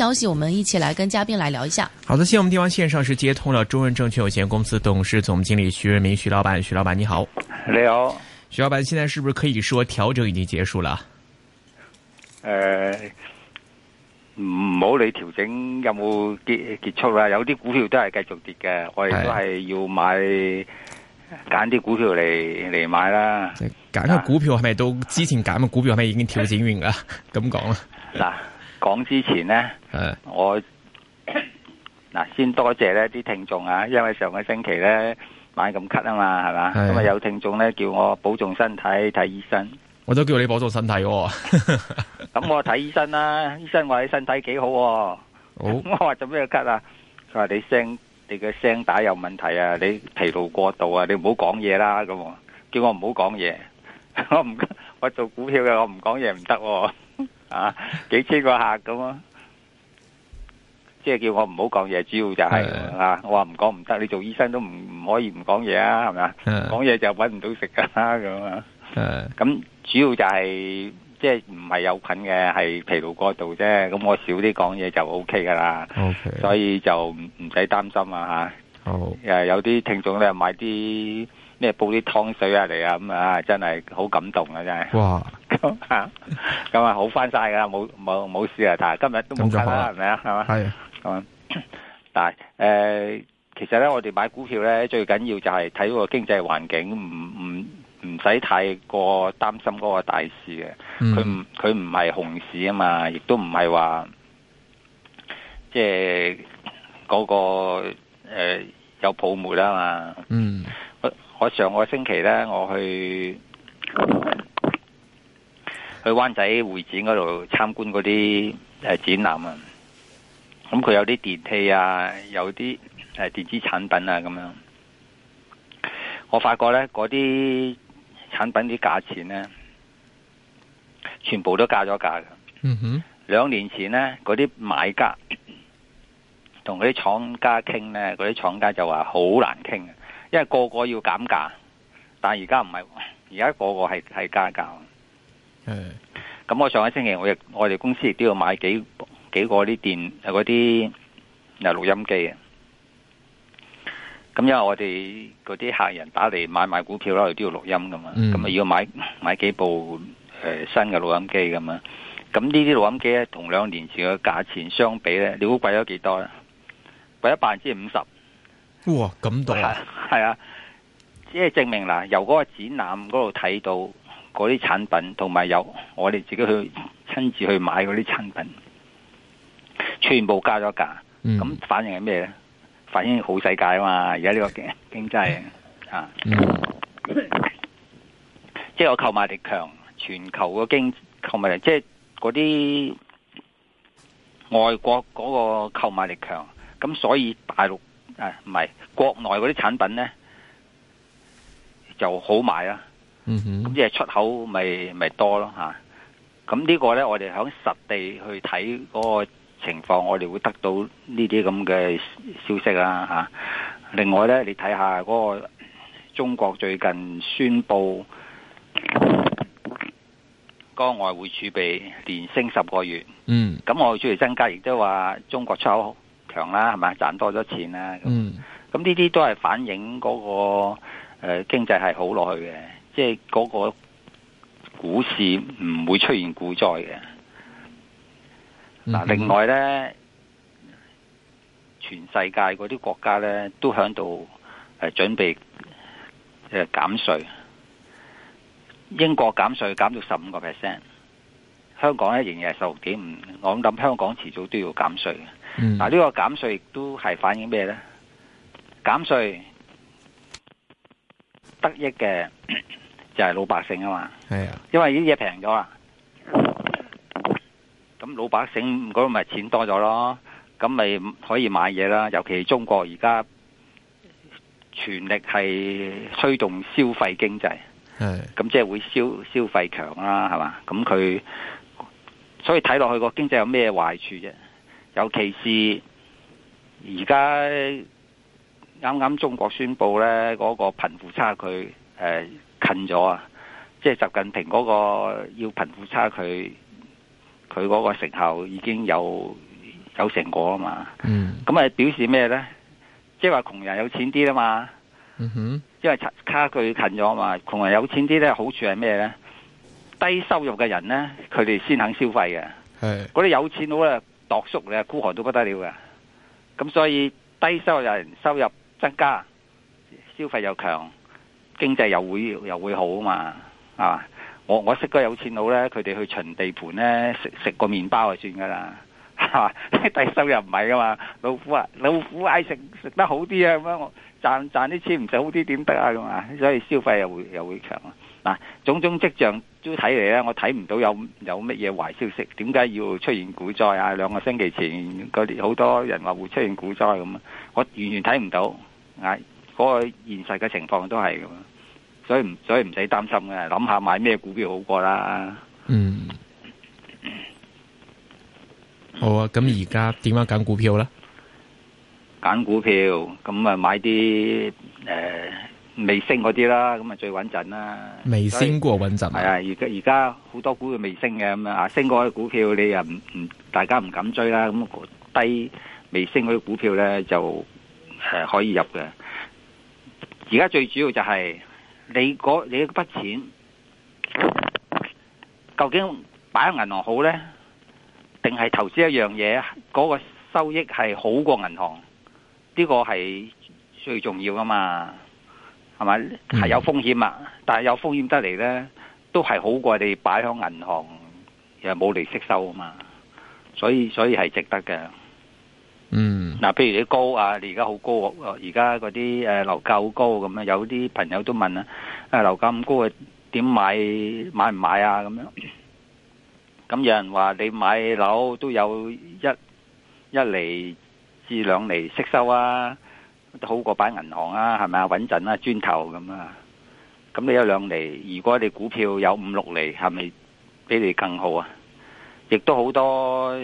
消息，我們一起來跟嘉賓來聊一下。好的，現在我們地方線上是接通了中潤證券有限公司董事總經理徐潤民，徐老闆，徐老闆你好。你好，你好徐老闆，現在是不是可以說調整已經結束了？誒、呃，唔好理調整有冇結結束啦，有啲股票都係繼續跌嘅，我亦都係要買揀啲、哎、股票嚟嚟買啦。揀嘅、啊、股票係咪都之前揀嘅股票係咪已經調整完 啦？咁講啦，嗱。講之前咧，我嗱先多謝咧啲聽眾啊，因為上個星期咧買咁咳啊嘛，係嘛，咁啊有聽眾咧叫我保重身體睇醫生，我都叫你保重身體。咁我睇醫生啦，醫生話你身體幾好，我話做咩咳啊？佢話你聲你嘅聲帶有問題啊，你疲勞過度啊，你唔好講嘢啦，咁叫我唔好講嘢，我唔我做股票嘅，我唔講嘢唔得。啊，幾千個客咁啊，即係叫我唔好講嘢，主要就係啊，我話唔講唔得，你做醫生都唔唔可以唔講嘢啊，係咪啊？講嘢就搵唔到食噶啦，咁啊。咁主要就係即係唔係有菌嘅，係疲勞過度啫。咁我少啲講嘢就 O K 噶啦。O K，所以就唔唔使擔心啊吓。好，誒，有啲聽眾咧買啲咩煲啲湯水啊嚟啊，咁啊，真係好感動啊真係。哇！吓，咁啊 好返晒噶啦，冇冇冇事啊，但係今日都冇睇啦，係咪啊？係嘛吧？係， 但係誒，其實咧，我哋買股票咧，最緊要就係睇個經濟環境，唔唔唔使太過擔心嗰個大市嘅，佢唔佢唔係熊市啊嘛，亦都唔係話即係嗰、那個誒、呃、有泡沫啊嘛。嗯，我我上個星期咧，我去。 去灣仔會展嗰度參觀嗰啲誒展覽啊，咁佢有啲電器啊，有啲誒電子產品啊咁樣。我發覺咧，嗰啲產品啲價錢咧，全部都加咗價嘅。嗯哼，兩年前咧，嗰啲買家同嗰啲廠家傾咧，嗰啲廠家就話好難傾啊，因為個個要減價，但係而家唔係，而家個個係係加價。嗯，咁是我上個星期我亦我哋公司亦都要買幾幾個呢電誒嗰啲誒錄音機啊，咁因為我哋嗰啲客人打嚟買買股票啦，我哋都要錄音噶嘛，咁啊、嗯、要買買幾部誒、呃、新嘅錄音機噶嘛。咁呢啲錄音機咧同兩年前嘅價錢相比咧，你估貴咗幾多咧？貴咗百分之五十。哇，咁多係啊，只係，、啊就是、證明嗱，由嗰個展覽嗰度睇到。嗰啲產品同埋有我哋自己去親自去買嗰啲產品，全部加咗價，咁、嗯、反應係咩咧？反應係好世界啊嘛！而家呢個經經濟、啊嗯、即係我購買力強，全球個經購買力即係嗰啲外國嗰個購買力強，咁所以大陸唔係、啊、國內嗰啲產品呢就好買啦、啊。嗯哼，即係出口咪咪多咯吓，咁、啊、呢個呢，我哋響實地去睇嗰個情況，我哋會得到呢啲咁嘅消息啦吓、啊。另外呢，你睇下嗰個中國最近宣布嗰個外匯儲備連升十個月，嗯，咁外匯儲備增加亦都話中國出口強啦，係咪賺多咗錢啦？嗯，咁呢啲都係反映嗰、嗰個誒、呃、經濟係好落去嘅。即係嗰個股市唔會出現股災嘅。嗱，另外呢，全世界嗰啲國家呢都響度係準備誒減稅。英國減稅減到十五個 percent，香港咧仍然係十六點五。我諗香港遲早都要減稅嘅。嗱，呢個減稅亦都係反映咩呢？減稅。得益嘅就係老百姓啊嘛，係啊、哎呀，因為呢啲嘢平咗啦，咁老百姓嗰個咪錢多咗咯，咁咪可以買嘢啦，尤其中國而家全力係推動消費經濟，係，咁即係會消消費強啦，係嘛，咁佢所以睇落去個經濟有咩壞處啫？尤其是而家。的啱啱中國宣布咧，嗰個貧富差距誒近咗啊！即係習近平嗰個要貧富差距，佢嗰個成效已經有有成果啊嘛。嗯，咁啊表示咩咧？即係話窮人有錢啲啊嘛。嗯哼，因為差距近咗啊嘛，窮人有錢啲咧，好處係咩咧？低收入嘅人咧，佢哋先肯消費嘅。嗰啲是有錢佬咧，度縮數孤寒都不得了嘅。咁所以低收入人收入增加，消費又強，經濟又會又會好啊嘛，啊，我我識個有錢佬咧，佢哋去巡地盤咧，食食個麵包就算噶啦，係嘛，第收又唔係噶嘛，老虎啊老虎嗌，食食得好啲啊咁樣，我賺賺啲錢唔食好啲點得啊咁啊，所以消費又，又會又會強啊，嗱，啊，種種跡象都睇嚟咧，我睇唔到有有乜嘢壞消息，點解要出現股災啊？兩個星期前嗰啲好多人話會出現股災咁啊，我完全睇唔到。嗱，嗰個現實嘅情況都係咁，所以唔所以唔使擔心嘅，諗下買咩股票好過啦。嗯。好啊，咁而家點樣揀股票咧？揀股票咁啊，買啲誒未升嗰啲啦，咁啊最穩陣啦。未升過穩陣，係啊！而而家好多股票未升嘅。咁啊，升嗰啲股票你又唔唔，大家唔敢追啦。咁啊，低未升嗰啲股票咧就。係，可以入嘅。而家最主要就係、是、你嗰你一筆錢，究竟擺喺銀行好呢？定係投資一樣嘢嗰個收益係好過銀行？呢、這個係最重要噶嘛？係咪？係有風險啊，但係有風險得嚟呢，都係好過你擺喺銀行又冇利息收啊嘛。所以所以係值得嘅。嗯，嗱，譬如你高啊，你而家好高哦，而家嗰啲誒樓價好高咁樣，有啲朋友都問啊，誒樓價咁高買買啊，點買買唔買啊咁樣？咁有人話你買樓都有一一厘至兩厘息收啊，都好過擺銀行啊，係咪啊穩陣啊磚頭咁啊？咁你一兩厘，如果你股票有五六厘，係咪比你更好啊？亦都好多。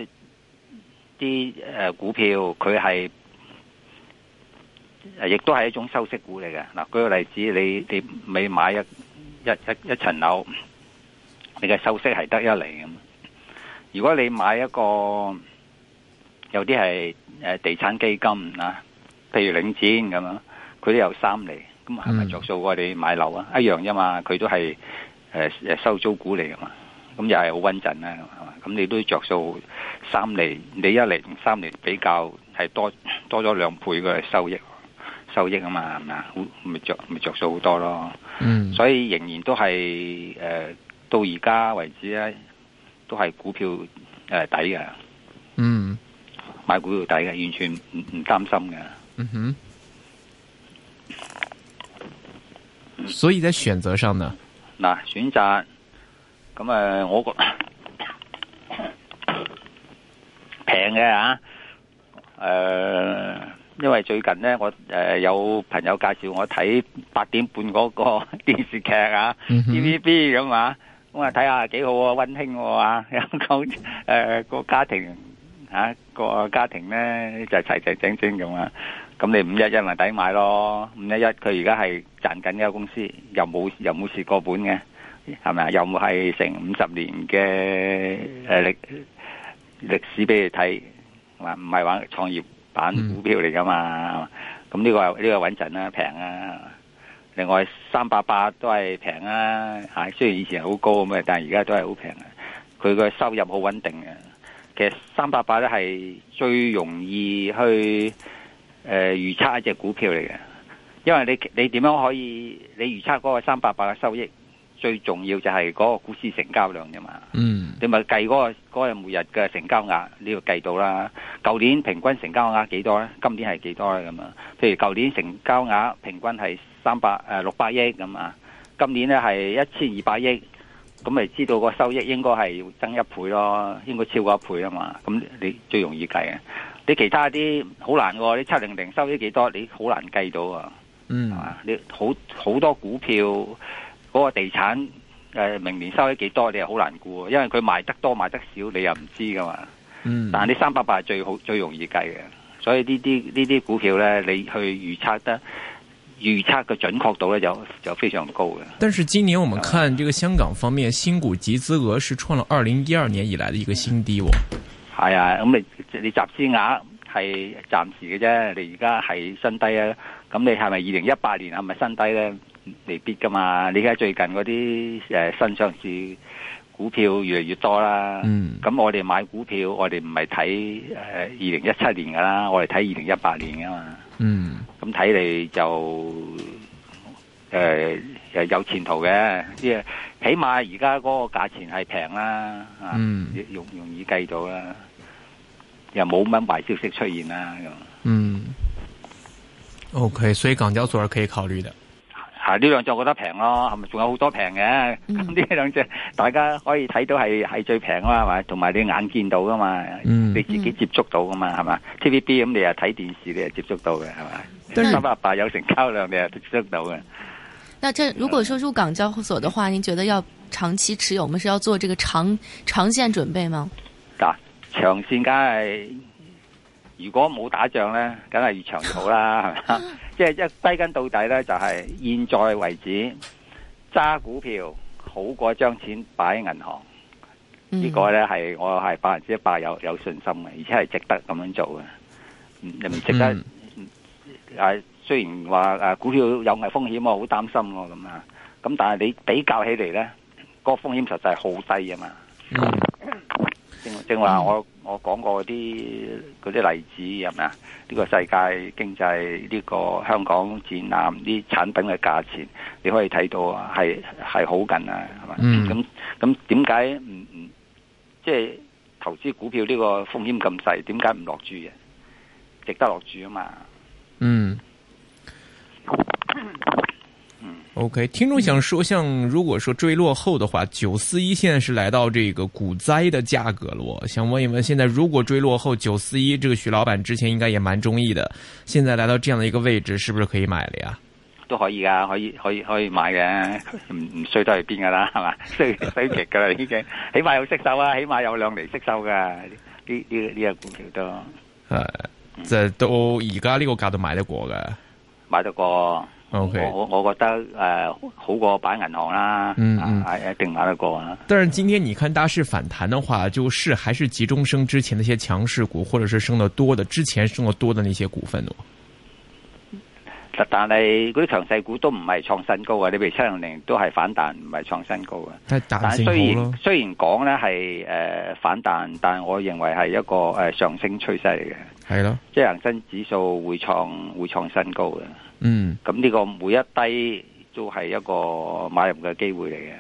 啲誒股票佢係誒，亦都係一種收息股嚟嘅。嗱，舉個例子，你你未買一一一一層樓，你嘅收息係得一厘咁。如果你買一個有啲係誒地產基金啊，譬如領錢咁樣，佢都有三厘咁，係咪着數過你買樓啊？一樣啫嘛，佢都係誒誒收租股嚟噶嘛。咁又係好穩陣啦，係嘛、嗯？咁你都着數三厘，你一厘同三厘比較係多多咗兩倍嘅收益，收益啊嘛，係嘛？咪着咪着數好多咯。嗯。嗯嗯，所以仍然都係誒、呃，到而家為止咧，都係股票誒抵嘅。呃、嗯。買股票抵嘅，完全唔唔擔心嘅。嗯、哼。所以在選擇上呢？嗱、啊，選擇。咁我覺平嘅吓，誒、啊呃，因為最近咧，我誒、呃、有朋友介紹我睇八點半嗰個電視劇啊，TVB 咁啊，咁 啊睇下幾好啊，温馨啊，又講誒個家庭吓個家庭咧就齊齊整整咁啊，咁你五一一咪抵買咯，五一一佢而家係賺緊呢個公司，又冇又冇蝕過本嘅。係咪、這個這個、啊？又唔係成五十年嘅誒歷歷史俾你睇，話唔係玩創業板股票嚟噶嘛？咁呢個呢個穩陣啦，平啊。另外，三百八都係平啊。係雖然以前好高咁嘅，但係而家都係好平啊。佢個收入好穩定嘅。其實三百八咧係最容易去誒預測一隻股票嚟嘅，因為你你點樣可以你預測嗰個三百八嘅收益？最重要就係嗰個股市成交量啫嘛，嗯、你咪計嗰個日、嗰個、每日嘅成交額，你要計到啦。舊年平均成交額幾多咧？今年係幾多咁啊？譬如舊年成交額平均係三百誒六百億咁啊，今年咧係一千二百億，咁咪知道個收益應該係要增一倍咯，應該超過一倍啊嘛。咁你最容易計啊，你其他啲好難喎，你七零零收益幾多你、嗯，你好難計到啊，係嘛？你好好多股票。嗰個地產誒，明年收得幾多你又好難估，因為佢賣得多賣得少你又唔知㗎嘛。嗯、但係你三百八係最好最容易計嘅，所以呢啲呢啲股票咧，你去預測得預測嘅準確度咧就就非常高嘅。但是今年我們看，啊、這個香港方面新股集資額是創了二零一二年以來的一個新低，哦。我係啊，咁你你集資額係暫時嘅啫，你而家係新低啊。咁你係咪二零一八年啊，係咪新低咧？未必噶嘛？你而家最近嗰啲誒新上市股票越嚟越多啦。咁、嗯、我哋買股票，我哋唔係睇誒二零一七年噶啦，我哋睇二零一八年噶嘛。咁睇嚟就誒係、呃、有前途嘅，即係起碼而家嗰個價錢係平啦，容、嗯、容易計到啦，又冇乜壞消息出現啦咁。嗯，OK，所以港交所係可以考慮嘅。啊！呢兩隻我覺得平咯，係咪？仲有好多平嘅，咁呢兩隻大家可以睇到係係最平啊嘛，係咪？同埋你眼見到噶嘛，嗯、你自己接觸到噶嘛，係嘛？TVB 咁你又睇電視，你又接觸到嘅，係咪？三百八有成交量，你又接觸到嘅。那即係如果說入港交易所嘅話，嗯、你覺得要長期持有嗎？是要做這個長長線準備嗎？嗱、啊，長線梗係。如果冇打仗咧，梗係越長越好啦，係嘛？ 即係一歸根到底咧，就係、是、現在為止揸股票好過將錢擺喺銀行。嗯、這個呢個咧係我係百分之一百有有信心嘅，而且係值得咁樣做嘅。唔值得？誒、嗯，雖然話誒股票有危風險，我好擔心喎咁啊。咁但係你比較起嚟咧，個風險實在係好低啊嘛。嗯、正正話我。嗯我講過啲啲例子係咪啊？呢個世界經濟呢個香港展覽啲產品嘅價錢，你可以睇到啊，係係好緊啊，係嘛？嗯。咁咁點解唔唔即係投資股票呢個風險咁細？點解唔落注嘅？值得落注啊嘛？嗯。Mm. OK，聽眾想說，像如果說追落後的話，九四一現在是來到這個股災的價格了。我想問一問，現在如果追落後，九四一這個徐老闆之前應該也蠻中意的，現在來到這樣的一個位置，是不是可以買了呀？都可以啊，可以可以可以買嘅，唔唔衰得去邊噶啦，係嘛，衰衰極噶啦已經，起碼有息收啊，起碼有兩厘息收噶，呢呢呢個股票、這個、都，呃、嗯，即係到而家呢個價都買得過噶，買得過。Okay. 我我我覺得誒、呃、好過擺銀行啦，係、嗯嗯、一定買得過，但係今天你看大市反彈的話，就是還是集中升之前那些強勢股，或者是升得多的之前升得多的那些股份咯。但係嗰啲強勢股都唔係創新高啊，你譬如七零零都係反彈，唔係創新高嘅。但，但雖然雖然講咧係誒反彈，但我認為係一個誒上升趨勢嚟嘅。係咯的，即係恒生指數會創會創新高嘅。嗯，咁呢個每一低都係一個買入嘅機會嚟嘅。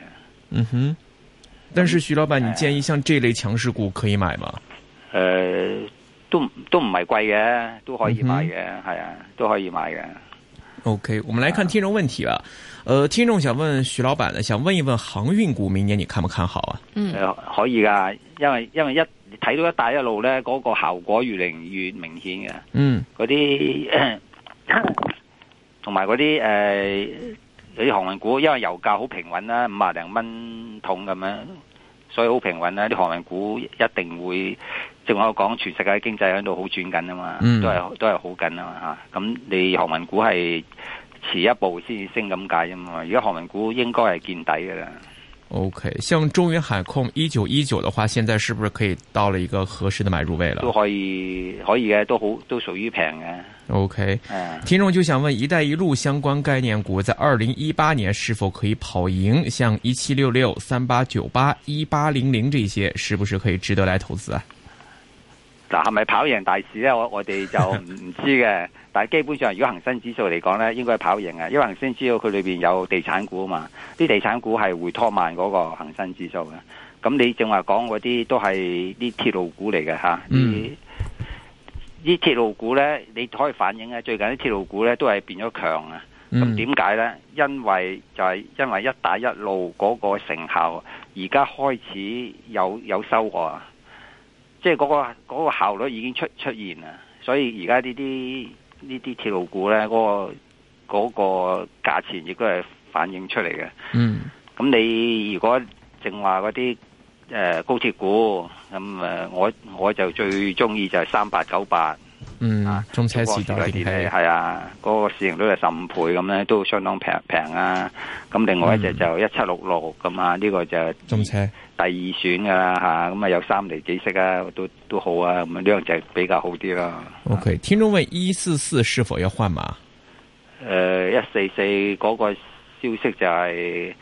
嗯哼，但是徐老闆，你建議像這類強勢股可以買嗎？誒、呃，都都唔係貴嘅，都可以買嘅，係、嗯、哼啊，都可以買嘅。OK，我們來看聽眾問題啊。誒、呃，聽眾想問徐老闆咧，想問一問航運股明年你看不看好啊？嗯、呃，可以㗎，因為因為一睇到一帶一路呢，嗰、那個效果越嚟越明顯嘅。嗯，嗰啲。呃呃同埋嗰啲誒有啲、呃、航運股，因為油價好平穩啦，五啊零蚊桶咁樣，所以好平穩啦。啲航運股一定會，正話我講全世界的經濟喺度好轉緊啊嘛，都係都係好緊啊嘛嚇。咁你航運股係遲一步先至升咁解啫嘛。如果航運股應該係見底噶啦。OK，像中遠海控一九一九的話，現在是不是可以到了一個合適的買入位了？都可以，可以嘅，都好，都屬於平嘅。OK，嗯，聽眾就想問，一帶一路相關概念股在二零一八年是否可以跑贏？像一七六六、三八九八、一八零零這些，是不是可以值得來投資啊？嗱，係咪跑贏大市呢？我我哋就唔唔知嘅。 但係基本上，如果恒生指數嚟講咧，應該係跑贏嘅，因為恒生指數佢裏邊有地產股啊嘛，啲地產股係會拖慢嗰個恆生指數嘅。咁你正話講嗰啲都係啲鐵路股嚟嘅嚇，啊，嗯，啲鐵路股咧，你可以反映啊，最近啲鐵路股咧都係變咗強啊。咁點解咧？因為就係因為一帶一路嗰個成效，而家開始有有收穫啊，即係嗰個嗰個效率已經出出現啦。所以而家呢啲呢啲鐵路股咧，嗰個嗰個價錢亦都係反映出嚟嘅。嗯，咁你如果淨話嗰啲誒高鐵股，咁誒我我就最中意就係三八九八。嗯，中車市代，嗰啲係啊，嗰個市盈率係十五倍咁咧，都相當平平啊。咁另外一隻就一七六六咁啊，呢個就中車第二選啊吓，咁、嗯、啊、嗯、有三厘幾息啊，都都好啊，咁呢就比較好啲咯、啊。O K，聽眾問一四四是否要換碼？誒、呃，一四四嗰個消息就係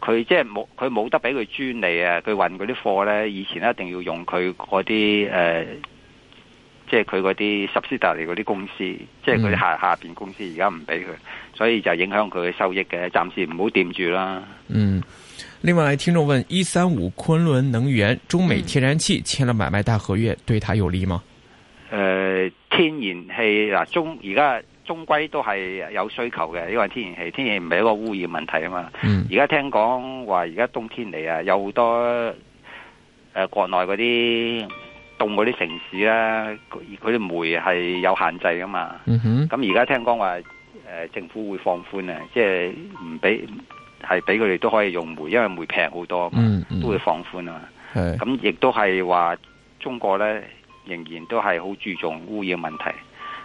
佢即係冇，佢冇、就是、得俾佢專利啊。佢運嗰啲貨咧，以前一定要用佢嗰啲誒。呃即係佢嗰啲 subsidiaries 嗰啲公司，即係佢下、嗯、下邊公司，而家唔俾佢，所以就影響佢嘅收益嘅。暫時唔好掂住啦。嗯。另外，聽眾問：一三五昆侖能源中美天然氣簽了買賣大合約，嗯、對他有利嗎？誒、呃，天然氣嗱、啊，中而家終歸都係有需求嘅，因、這、為、個、天然氣，天然氣唔係一個污染問題啊嘛。嗯。而家聽講話，而家冬天嚟啊，有好多誒、呃、國內嗰啲。凍嗰啲城市啦，佢啲煤係有限制噶嘛。咁而家聽講話，誒政府會放寬啊，即係唔俾係俾佢哋都可以用煤，因為煤平好多啊嘛，mm hmm. 都會放寬啊。咁亦都係話中國咧仍然都係好注重污染問題。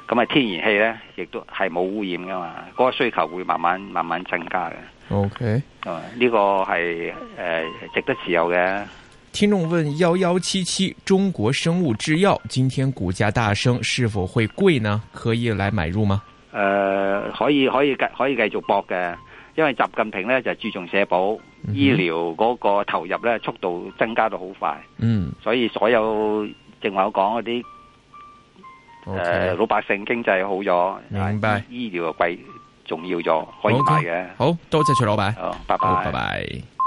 咁啊天然氣咧亦都係冇污染噶嘛，嗰、嗰個需求會慢慢慢慢增加嘅。O K，啊呢個係誒、呃、值得持有嘅。聽眾問：幺幺七七中國生物製藥今天股價大升，是否會貴呢？可以來買入嗎？誒、呃，可以可以繼可以繼續搏嘅，因為習近平咧就是、注重社保、嗯、哼醫療嗰個投入咧，速度增加到好快。嗯，所以所有正話我講嗰啲誒，老百姓經濟好咗，明白，醫,醫療又貴，重要咗，可以買嘅。Okay. 好多謝徐老闆、哦，拜拜，拜拜。